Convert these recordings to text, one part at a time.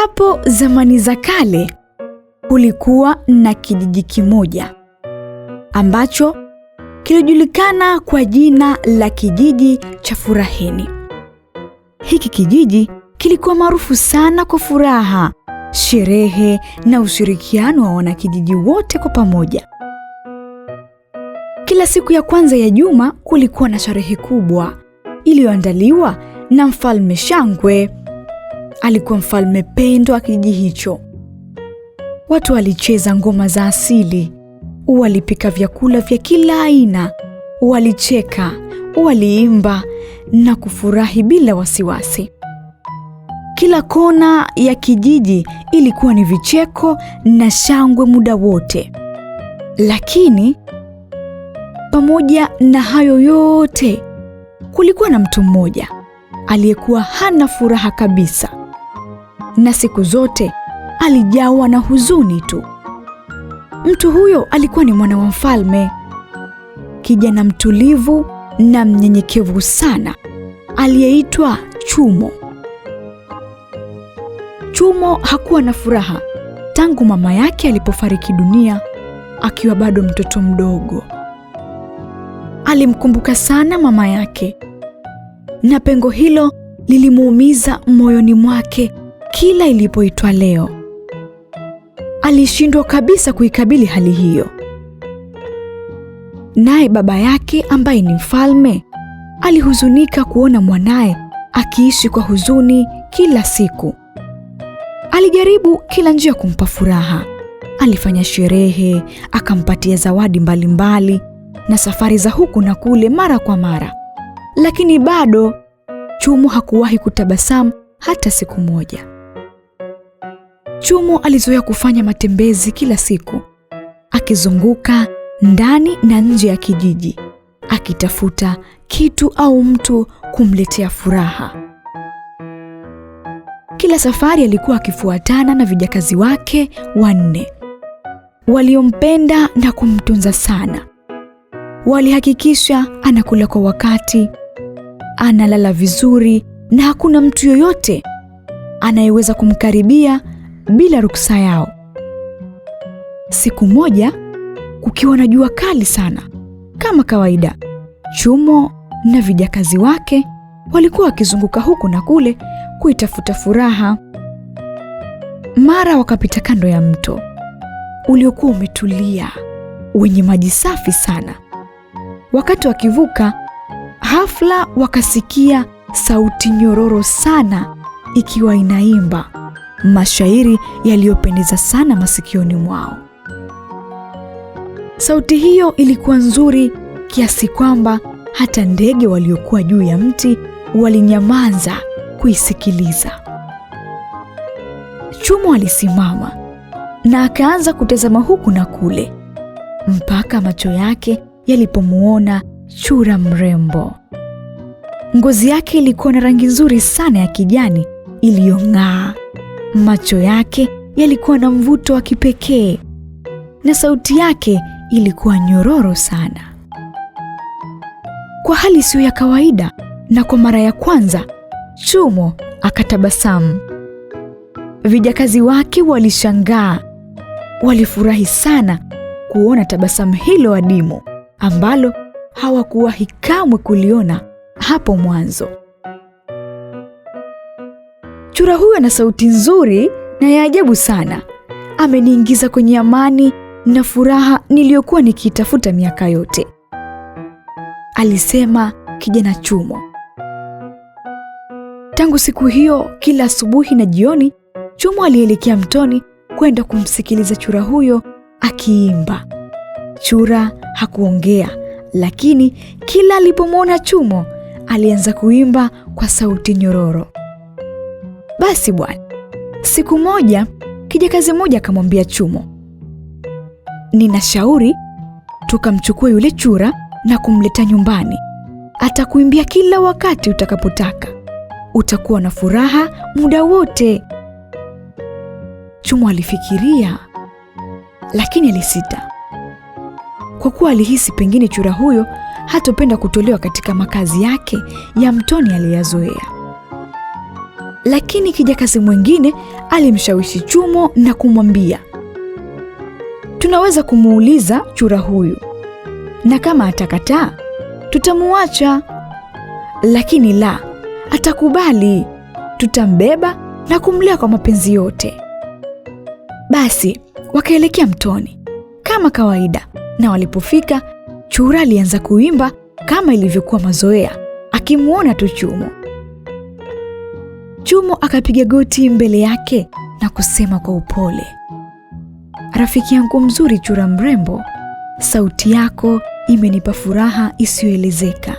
Hapo zamani za kale kulikuwa na kijiji kimoja ambacho kilijulikana kwa jina la kijiji cha furaheni Hiki kijiji kilikuwa maarufu sana kwa furaha, sherehe na ushirikiano wa wanakijiji wote kwa pamoja. Kila siku ya kwanza ya juma kulikuwa na sherehe kubwa iliyoandaliwa na Mfalme Shangwe alikuwa mfalme pendwa wa kijiji hicho. Watu walicheza ngoma za asili, walipika vyakula vya kila aina, walicheka, waliimba na kufurahi bila wasiwasi. Kila kona ya kijiji ilikuwa ni vicheko na shangwe muda wote. Lakini pamoja na hayo yote, kulikuwa na mtu mmoja aliyekuwa hana furaha kabisa na siku zote alijawa na huzuni tu. Mtu huyo alikuwa ni mwana wa mfalme, kijana mtulivu na mnyenyekevu sana, aliyeitwa Chumo. Chumo hakuwa na furaha tangu mama yake alipofariki dunia akiwa bado mtoto mdogo. Alimkumbuka sana mama yake, na pengo hilo lilimuumiza moyoni mwake kila ilipoitwa leo. Alishindwa kabisa kuikabili hali hiyo. Naye baba yake ambaye ni mfalme alihuzunika kuona mwanaye akiishi kwa huzuni kila siku. Alijaribu kila njia kumpa furaha. Alifanya sherehe, akampatia zawadi mbalimbali mbali, na safari za huku na kule mara kwa mara, lakini bado Chumu hakuwahi kutabasamu hata siku moja. Chumo alizoea kufanya matembezi kila siku, akizunguka ndani na nje ya kijiji, akitafuta kitu au mtu kumletea furaha. Kila safari alikuwa akifuatana na vijakazi wake wanne waliompenda na kumtunza sana. Walihakikisha anakula kwa wakati, analala vizuri na hakuna mtu yoyote anayeweza kumkaribia bila ruksa yao. Siku moja kukiwa na jua kali sana, kama kawaida, Chumo na vijakazi wake walikuwa wakizunguka huku na kule kuitafuta furaha. Mara wakapita kando ya mto uliokuwa umetulia wenye maji safi sana. Wakati wakivuka, hafla wakasikia sauti nyororo sana ikiwa inaimba mashairi yaliyopendeza sana masikioni mwao. Sauti hiyo ilikuwa nzuri kiasi kwamba hata ndege waliokuwa juu ya mti walinyamaza kuisikiliza. Chumo alisimama na akaanza kutazama huku na kule mpaka macho yake yalipomwona chura mrembo. Ngozi yake ilikuwa na rangi nzuri sana ya kijani iliyong'aa Macho yake yalikuwa na mvuto wa kipekee na sauti yake ilikuwa nyororo sana, kwa hali siyo ya kawaida. Na kwa mara ya kwanza Chumo akatabasamu. Vijakazi wake walishangaa, walifurahi sana kuona tabasamu hilo adimu ambalo hawakuwahi kamwe kuliona hapo mwanzo. Chura huyu ana sauti nzuri na ya ajabu sana. Ameniingiza kwenye amani na furaha niliyokuwa nikiitafuta miaka yote, alisema kijana Chumo. Tangu siku hiyo, kila asubuhi na jioni, Chumo alielekea mtoni kwenda kumsikiliza chura huyo akiimba. Chura hakuongea, lakini kila alipomwona Chumo alianza kuimba kwa sauti nyororo basi bwana. Siku moja kijakazi mmoja akamwambia Chumo, ninashauri tukamchukua yule chura na kumleta nyumbani. Atakuimbia kila wakati utakapotaka, utakuwa na furaha muda wote. Chumo alifikiria, lakini alisita, kwa kuwa alihisi pengine chura huyo hatopenda kutolewa katika makazi yake ya mtoni aliyoyazoea lakini kijakazi mwingine alimshawishi Chumo na kumwambia, tunaweza kumuuliza chura huyu, na kama atakataa tutamuacha, lakini la atakubali, tutambeba na kumlea kwa mapenzi yote. Basi wakaelekea mtoni kama kawaida, na walipofika, chura alianza kuimba kama ilivyokuwa mazoea, akimwona tu Chumo. Chumo akapiga goti mbele yake na kusema kwa upole, rafiki yangu mzuri, chura mrembo, sauti yako imenipa furaha isiyoelezeka.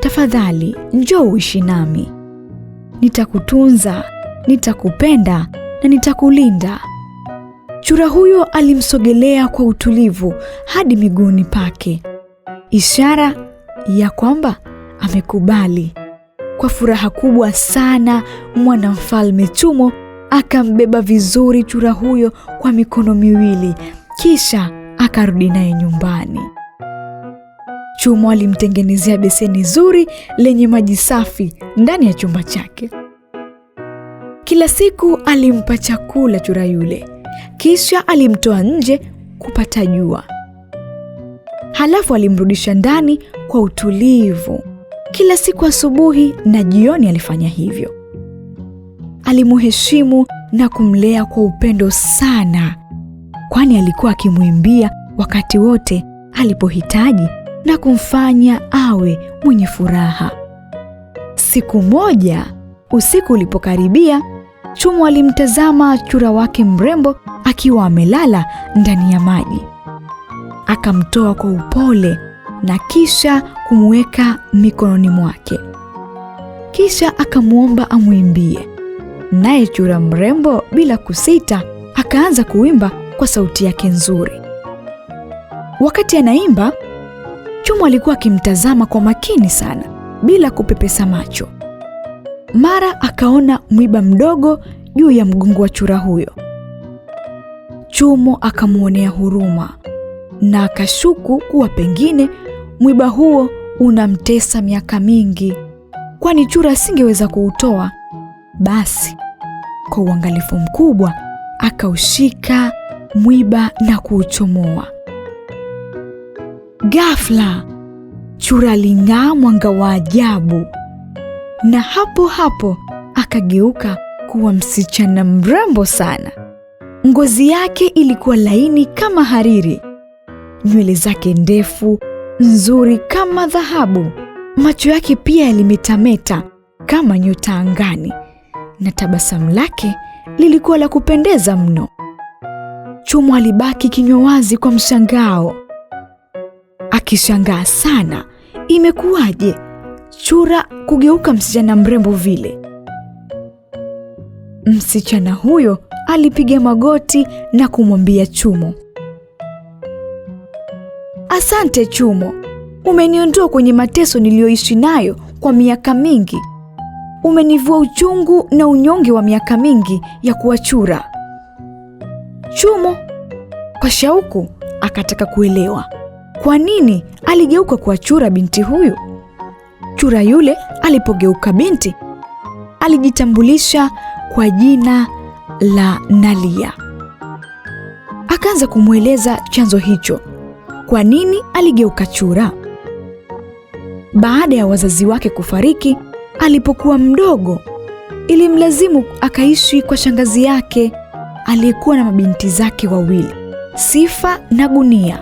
Tafadhali njoo uishi nami, nitakutunza, nitakupenda na nitakulinda. Chura huyo alimsogelea kwa utulivu hadi miguuni pake, ishara ya kwamba amekubali kwa furaha kubwa sana, mwanamfalme Chumo akambeba vizuri chura huyo kwa mikono miwili, kisha akarudi naye nyumbani. Chumo alimtengenezea beseni zuri lenye maji safi ndani ya chumba chake. Kila siku alimpa chakula chura yule, kisha alimtoa nje kupata jua, halafu alimrudisha ndani kwa utulivu. Kila siku asubuhi na jioni alifanya hivyo. Alimuheshimu na kumlea kwa upendo sana, kwani alikuwa akimwimbia wakati wote alipohitaji na kumfanya awe mwenye furaha. Siku moja usiku ulipokaribia, Chumo alimtazama chura wake mrembo akiwa amelala ndani ya maji, akamtoa kwa upole na kisha kumweka mikononi mwake. Kisha akamwomba amwimbie, naye chura mrembo bila kusita akaanza kuimba kwa sauti yake nzuri. Wakati anaimba, Chuma alikuwa akimtazama kwa makini sana bila kupepesa macho. Mara akaona mwiba mdogo juu ya mgongo wa chura huyo. Chumo akamwonea huruma na akashuku kuwa pengine Mwiba huo unamtesa miaka mingi, kwani chura asingeweza kuutoa. Basi kwa uangalifu mkubwa akaushika mwiba na kuuchomoa. Ghafla chura aling'aa mwanga wa ajabu, na hapo hapo akageuka kuwa msichana mrembo sana. Ngozi yake ilikuwa laini kama hariri, nywele zake ndefu nzuri kama dhahabu, macho yake pia yalimetameta kama nyota angani, na tabasamu lake lilikuwa la kupendeza mno. Chumo alibaki kinywa wazi kwa mshangao, akishangaa sana, imekuwaje chura kugeuka msichana mrembo vile? Msichana huyo alipiga magoti na kumwambia Chumo, Asante Chumo, umeniondoa kwenye mateso niliyoishi nayo kwa miaka mingi. Umenivua uchungu na unyonge wa miaka mingi ya kuwachura. Chumo kwa shauku akataka kuelewa kwa nini aligeuka kuwachura binti huyu. Chura yule alipogeuka binti alijitambulisha kwa jina la Nalia, akaanza kumweleza chanzo hicho kwa nini aligeuka chura? Baada ya wazazi wake kufariki alipokuwa mdogo, ilimlazimu akaishi kwa shangazi yake aliyekuwa na mabinti zake wawili, Sifa na Gunia.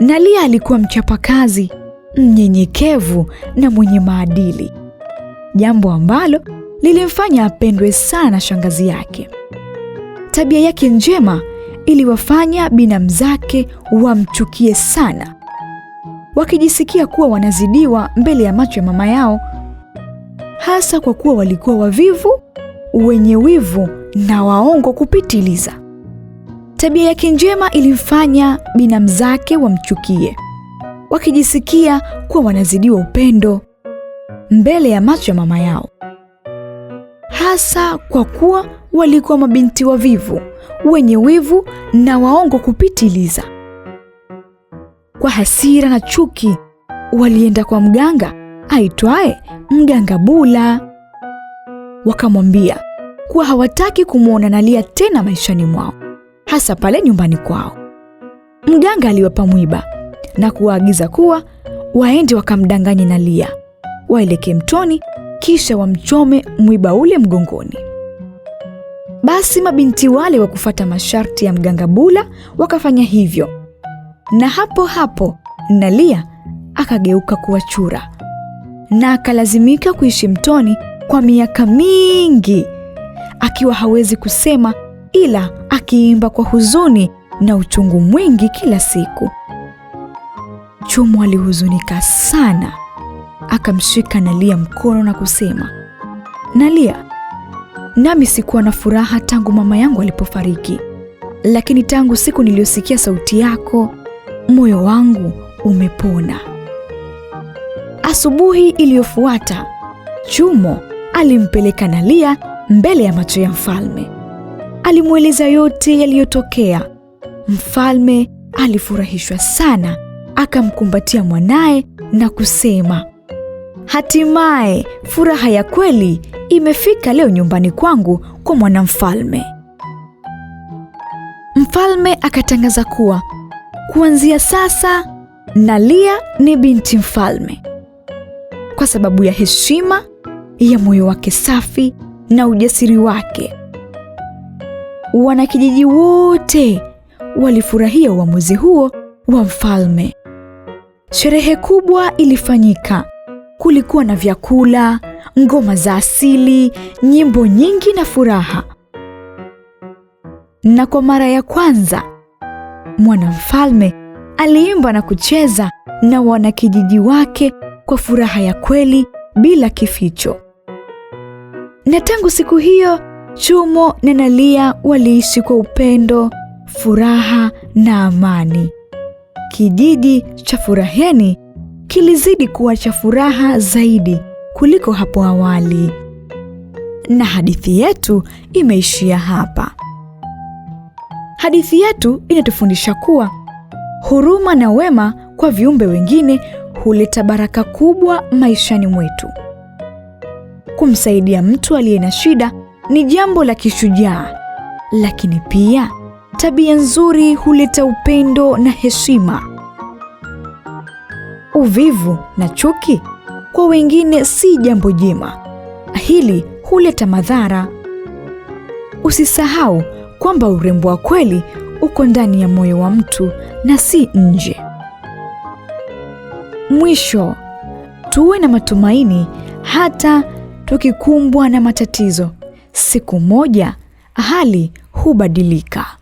Nalia alikuwa mchapakazi, mnyenyekevu na mwenye maadili, jambo ambalo lilimfanya apendwe sana shangazi yake. Tabia yake njema iliwafanya binamu zake wamchukie sana. Wakijisikia kuwa wanazidiwa mbele ya macho ya mama yao, hasa kwa kuwa walikuwa wavivu, wenye wivu na waongo kupitiliza. Tabia yake njema ilimfanya binamu zake wamchukie, wakijisikia kuwa wanazidiwa upendo mbele ya macho ya mama yao, hasa kwa kuwa walikuwa mabinti wavivu, wenye wivu na waongo kupitiliza. Kwa hasira na chuki, walienda kwa mganga aitwaye Mganga Bula, wakamwambia kuwa hawataki kumwona Nalia tena maishani mwao, hasa pale nyumbani kwao. Mganga aliwapa mwiba na kuwaagiza kuwa waende wakamdanganye Nalia, waelekee mtoni, kisha wamchome mwiba ule mgongoni. Basi mabinti wale wa kufuata masharti ya mganga Bula wakafanya hivyo, na hapo hapo Nalia akageuka kuwa chura na akalazimika kuishi mtoni kwa miaka mingi akiwa hawezi kusema ila akiimba kwa huzuni na uchungu mwingi kila siku. Chumu alihuzunika sana, akamshika Nalia mkono na kusema, Nalia, Nami sikuwa na furaha tangu mama yangu alipofariki, lakini tangu siku niliyosikia sauti yako, moyo wangu umepona. Asubuhi iliyofuata Chumo alimpeleka Nalia mbele ya macho ya mfalme. Alimweleza yote yaliyotokea. Mfalme alifurahishwa sana, akamkumbatia mwanaye na kusema, hatimaye furaha ya kweli imefika leo nyumbani kwangu kwa mwanamfalme. Mfalme akatangaza kuwa kuanzia sasa Nalia ni binti mfalme, kwa sababu ya heshima ya moyo wake safi na ujasiri wake. Wanakijiji wote walifurahia uamuzi huo wa mfalme. Sherehe kubwa ilifanyika. Kulikuwa na vyakula, ngoma za asili, nyimbo nyingi na furaha. Na kwa mara ya kwanza mwanamfalme aliimba na kucheza na wanakijiji wake kwa furaha ya kweli bila kificho. Na tangu siku hiyo Chumo na Nalia waliishi kwa upendo, furaha na amani. Kijiji cha Furaheni kilizidi kuwa cha furaha zaidi kuliko hapo awali, na hadithi yetu imeishia hapa. Hadithi yetu inatufundisha kuwa huruma na wema kwa viumbe wengine huleta baraka kubwa maishani mwetu. Kumsaidia mtu aliye na shida ni jambo la kishujaa, lakini pia tabia nzuri huleta upendo na heshima. Uvivu na chuki kwa wengine si jambo jema. Hili huleta madhara. Usisahau kwamba urembo wa kweli uko ndani ya moyo wa mtu na si nje. Mwisho, tuwe na matumaini hata tukikumbwa na matatizo. Siku moja hali hubadilika.